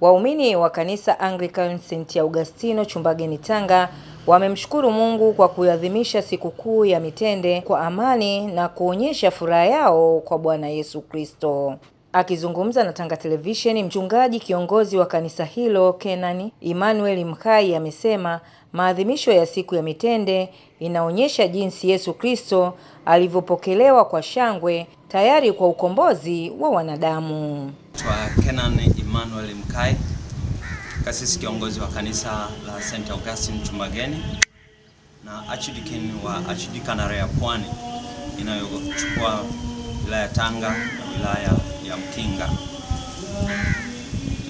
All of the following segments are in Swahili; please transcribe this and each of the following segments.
Waumini wa kanisa Anglican St. Augustino Chumbageni Tanga wamemshukuru Mungu kwa kuadhimisha sikukuu ya mitende kwa amani na kuonyesha furaha yao kwa Bwana Yesu Kristo. Akizungumza na Tanga Televisheni, mchungaji kiongozi wa kanisa hilo Kenani Emmanuel Mkai amesema maadhimisho ya siku ya mitende inaonyesha jinsi Yesu Kristo alivyopokelewa kwa shangwe, tayari kwa ukombozi wa wanadamu. Kenani Emmanuel Mkai, kasisi kiongozi wa kanisa la St. Augustine Chumbageni na archdeacon wa Archdikanari ya Pwani inayochukua wilaya ya Tanga na wilaya ya Mkinga.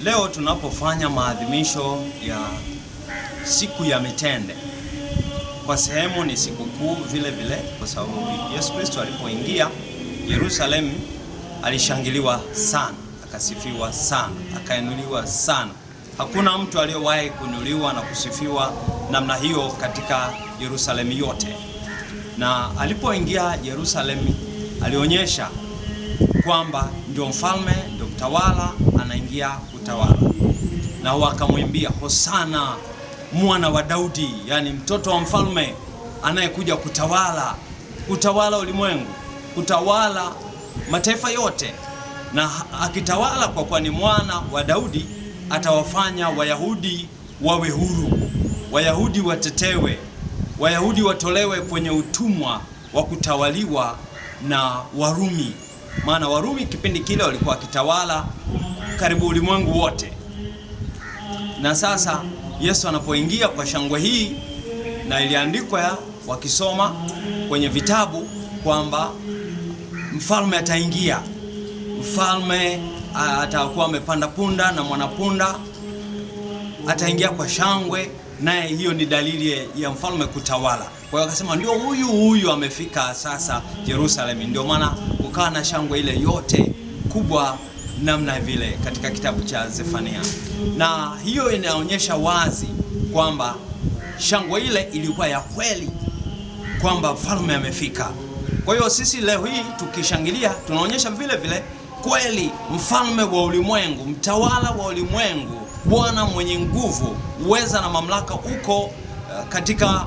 Leo tunapofanya maadhimisho ya siku ya mitende, kwa sehemu ni sikukuu vile vile, kwa sababu Yesu Kristo alipoingia Yerusalemu alishangiliwa sana akasifiwa sana, akainuliwa sana. Hakuna mtu aliyewahi kuinuliwa na kusifiwa namna hiyo katika Yerusalemu yote. Na alipoingia Yerusalemu, alionyesha kwamba ndio mfalme, ndio mtawala, anaingia kutawala, na wakamwimbia hosana mwana wa Daudi, yani mtoto wa mfalme anayekuja kutawala, kutawala ulimwengu, kutawala mataifa yote na akitawala kwa kuwa ni mwana wa Daudi atawafanya Wayahudi wawe huru, Wayahudi watetewe, Wayahudi watolewe kwenye utumwa wa kutawaliwa na Warumi. Maana Warumi kipindi kile walikuwa wakitawala karibu ulimwengu wote, na sasa Yesu anapoingia kwa shangwe hii, na iliandikwa wakisoma kwenye vitabu kwamba mfalme ataingia mfalme atakuwa amepanda punda na mwanapunda ataingia kwa shangwe, naye hiyo ni dalili ya mfalme kutawala. Kwa hiyo akasema ndio huyu huyu amefika sasa Yerusalemu, ndio maana ukawa na shangwe ile yote kubwa namna vile katika kitabu cha Zefania, na hiyo inaonyesha wazi kwamba shangwe ile ilikuwa ya kweli kwamba mfalme amefika. Kwa hiyo sisi leo hii tukishangilia tunaonyesha vile vile kweli mfalme wa ulimwengu, mtawala wa ulimwengu, Bwana mwenye nguvu, uweza na mamlaka uko eh, katika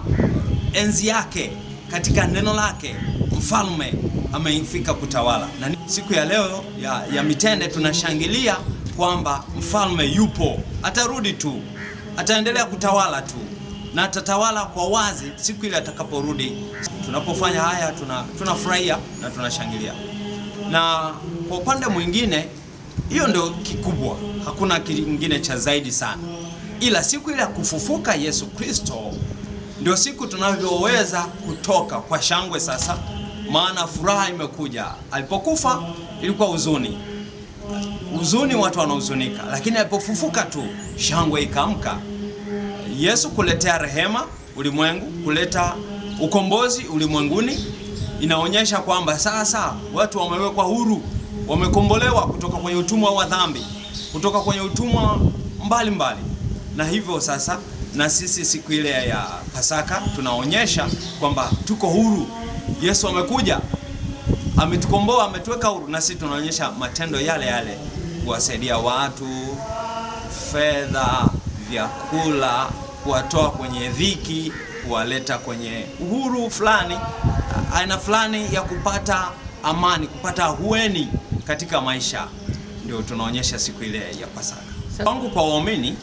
enzi yake, katika neno lake mfalme amefika kutawala. Na siku ya leo ya, ya mitende tunashangilia kwamba mfalme yupo, atarudi tu, ataendelea kutawala tu na atatawala kwa wazi siku ile atakaporudi. Tunapofanya haya tunafurahia, tuna na tunashangilia na kwa upande mwingine, hiyo ndio kikubwa, hakuna kingine cha zaidi sana, ila siku ile ya kufufuka Yesu Kristo ndio siku tunavyoweza kutoka kwa shangwe sasa, maana furaha imekuja. Alipokufa ilikuwa huzuni, huzuni, watu wanahuzunika, lakini alipofufuka tu shangwe ikaamka. Yesu kuletea rehema ulimwengu, kuleta ukombozi ulimwenguni inaonyesha kwamba sasa watu wamewekwa huru, wamekombolewa kutoka kwenye utumwa wa dhambi, kutoka kwenye utumwa mbalimbali mbali. Na hivyo sasa na sisi siku ile ya Pasaka tunaonyesha kwamba tuko huru. Yesu amekuja, ametukomboa, ametuweka huru, na sisi tunaonyesha matendo yale yale, kuwasaidia watu, fedha, vyakula, kuwatoa kwenye dhiki, kuwaleta kwenye uhuru fulani aina fulani ya kupata amani, kupata ahueni katika maisha, ndio tunaonyesha siku ile ya Pasaka. Kwangu kwa waumini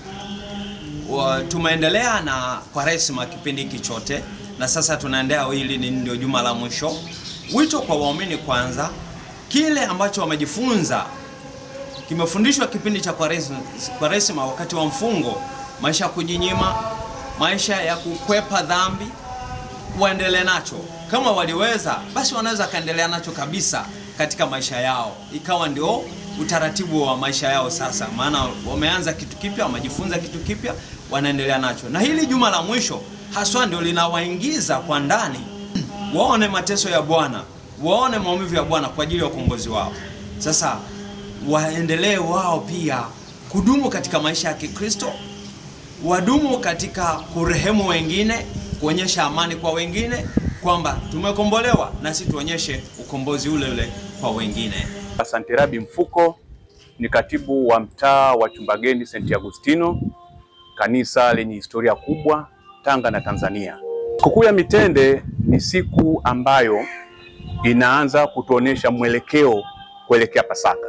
wa, tumeendelea na Kwaresma kipindi hiki chote na sasa tunaendea, hili ni ndio juma la mwisho. Wito kwa waumini kwanza, kile ambacho wamejifunza kimefundishwa kipindi cha Kwaresma, wakati wa mfungo, maisha ya kujinyima, maisha ya kukwepa dhambi, waendelee nacho. Kama waliweza basi, wanaweza kaendelea nacho kabisa katika maisha yao, ikawa ndio utaratibu wa maisha yao sasa, maana wameanza kitu kipya, wamejifunza kitu kipya, wanaendelea nacho. Na hili juma la mwisho haswa ndio linawaingiza kwa ndani, waone mateso ya Bwana, waone maumivu ya Bwana kwa ajili ya ukombozi wao. Sasa waendelee wao pia kudumu katika maisha ya Kikristo, wadumu katika kurehemu wengine, kuonyesha amani kwa wengine kwamba tumekombolewa na sisi tuonyeshe ukombozi ule ule kwa wengine. Asante Rabi Mfuko ni katibu wa mtaa wa Chumbageni St. Agustino, kanisa lenye historia kubwa Tanga na Tanzania. Sikukuu ya Mitende ni siku ambayo inaanza kutuonesha mwelekeo kuelekea Pasaka.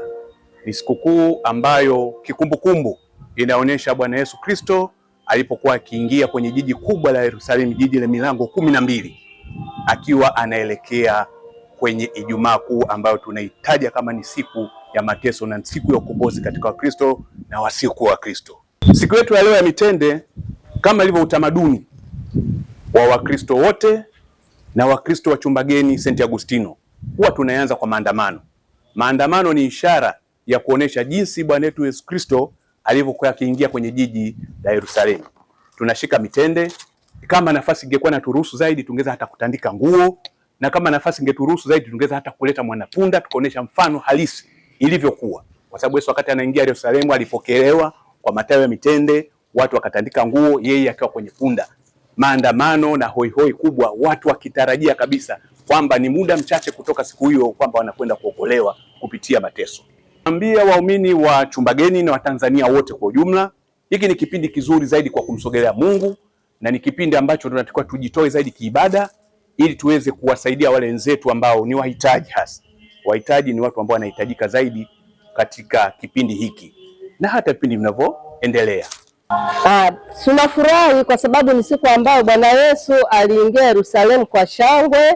Ni sikukuu ambayo kikumbukumbu inaonyesha Bwana Yesu Kristo alipokuwa akiingia kwenye jiji kubwa la Yerusalemu, jiji la milango kumi na mbili akiwa anaelekea kwenye Ijumaa Kuu ambayo tunaitaja kama ni siku ya mateso na siku ya ukombozi katika Wakristo na wasiokuwa Wakristo. Siku yetu ya leo ya mitende, kama ilivyo utamaduni wa Wakristo wote na Wakristo wa Chumbageni St. Agustino, huwa tunaanza kwa maandamano. Maandamano ni ishara ya kuonesha jinsi Bwana wetu Yesu Kristo alivyokuwa akiingia kwenye jiji la Yerusalemu. Tunashika mitende kama nafasi ingekuwa na turuhusu zaidi, tungeza hata kutandika nguo, na kama nafasi ingeturuhusu zaidi, tungeza hata kuleta mwanapunda, tukaonesha mfano halisi ilivyokuwa, kwa sababu Yesu wakati anaingia Yerusalemu alipokelewa kwa matawi ya mitende, watu wakatandika nguo, yeye akiwa kwenye punda, maandamano na hoihoi hoi kubwa, watu wakitarajia kabisa kwamba ni muda mchache kutoka siku hiyo kwamba wanakwenda kuokolewa kupitia mateso. Naambia waumini wa Chumbageni na Watanzania wote kwa ujumla, hiki ni kipindi kizuri zaidi kwa kumsogelea Mungu na ni kipindi ambacho tunatakiwa tujitoe zaidi kiibada ili tuweze kuwasaidia wale wenzetu ambao ni wahitaji. Hasa wahitaji ni watu ambao wanahitajika zaidi katika kipindi hiki na hata vipindi vinavyoendelea. Ah, tunafurahi kwa sababu ni siku ambayo Bwana Yesu aliingia Yerusalemu kwa shangwe,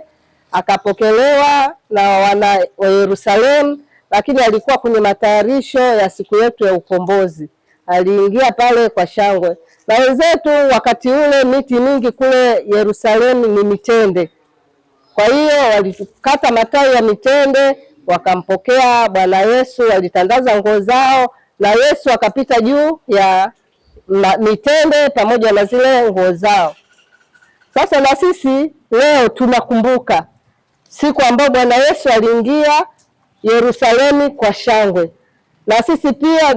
akapokelewa na wana wa Yerusalemu, lakini alikuwa kwenye matayarisho ya siku yetu ya ukombozi aliingia pale kwa shangwe, na wenzetu wakati ule miti mingi kule Yerusalemu ni mitende, kwa hiyo walikata matawi ya mitende wakampokea Bwana Yesu, walitandaza nguo zao na Yesu akapita juu ya mitende pamoja na zile nguo zao. Sasa na sisi leo tunakumbuka siku ambayo Bwana Yesu aliingia Yerusalemu kwa shangwe na sisi pia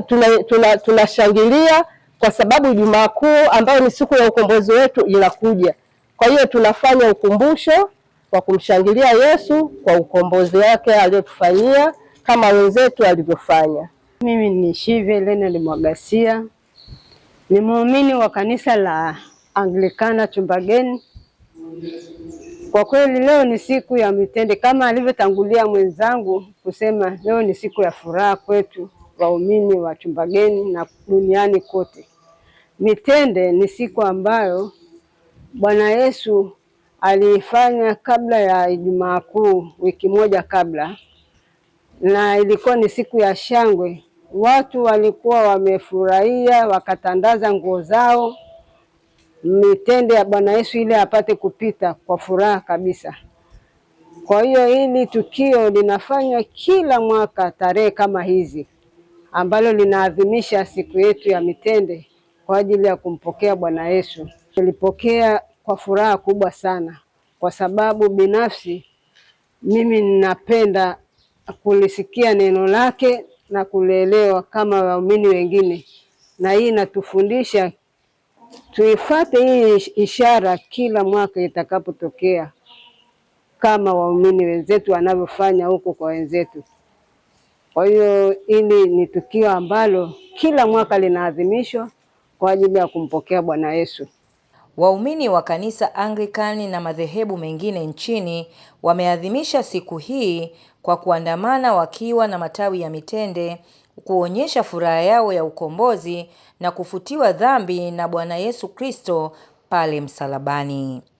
tunashangilia tuna, tuna kwa sababu Ijumaa Kuu ambayo ni siku ya ukombozi wetu inakuja. Kwa hiyo tunafanya ukumbusho wa kumshangilia Yesu kwa ukombozi wake aliyotufanyia kama wenzetu alivyofanya. Mimi ni Shive Leonard Limwagasia, ni muumini wa kanisa la Anglikana Chumbageni. Kwa kweli leo ni siku ya mitende, kama alivyotangulia mwenzangu kusema, leo ni siku ya furaha kwetu waumini wa Chumbageni na duniani kote. Mitende ni siku ambayo Bwana Yesu aliifanya kabla ya Ijumaa Kuu, wiki moja kabla, na ilikuwa ni siku ya shangwe. Watu walikuwa wamefurahia, wakatandaza nguo zao, mitende ya Bwana Yesu ile apate kupita kwa furaha kabisa. Kwa hiyo hili tukio linafanywa kila mwaka tarehe kama hizi ambalo linaadhimisha siku yetu ya mitende kwa ajili ya kumpokea Bwana Yesu. Nilipokea kwa furaha kubwa sana, kwa sababu binafsi mimi ninapenda kulisikia neno lake na kulielewa kama waumini wengine, na hii inatufundisha tuifate hii ishara kila mwaka itakapotokea, kama waumini wenzetu wanavyofanya huko kwa wenzetu. Kwa hiyo hili ni tukio ambalo kila mwaka linaadhimishwa kwa ajili ya kumpokea Bwana Yesu. Waumini wa kanisa Anglikani na madhehebu mengine nchini wameadhimisha siku hii kwa kuandamana wakiwa na matawi ya mitende kuonyesha furaha yao ya ukombozi na kufutiwa dhambi na Bwana Yesu Kristo pale msalabani.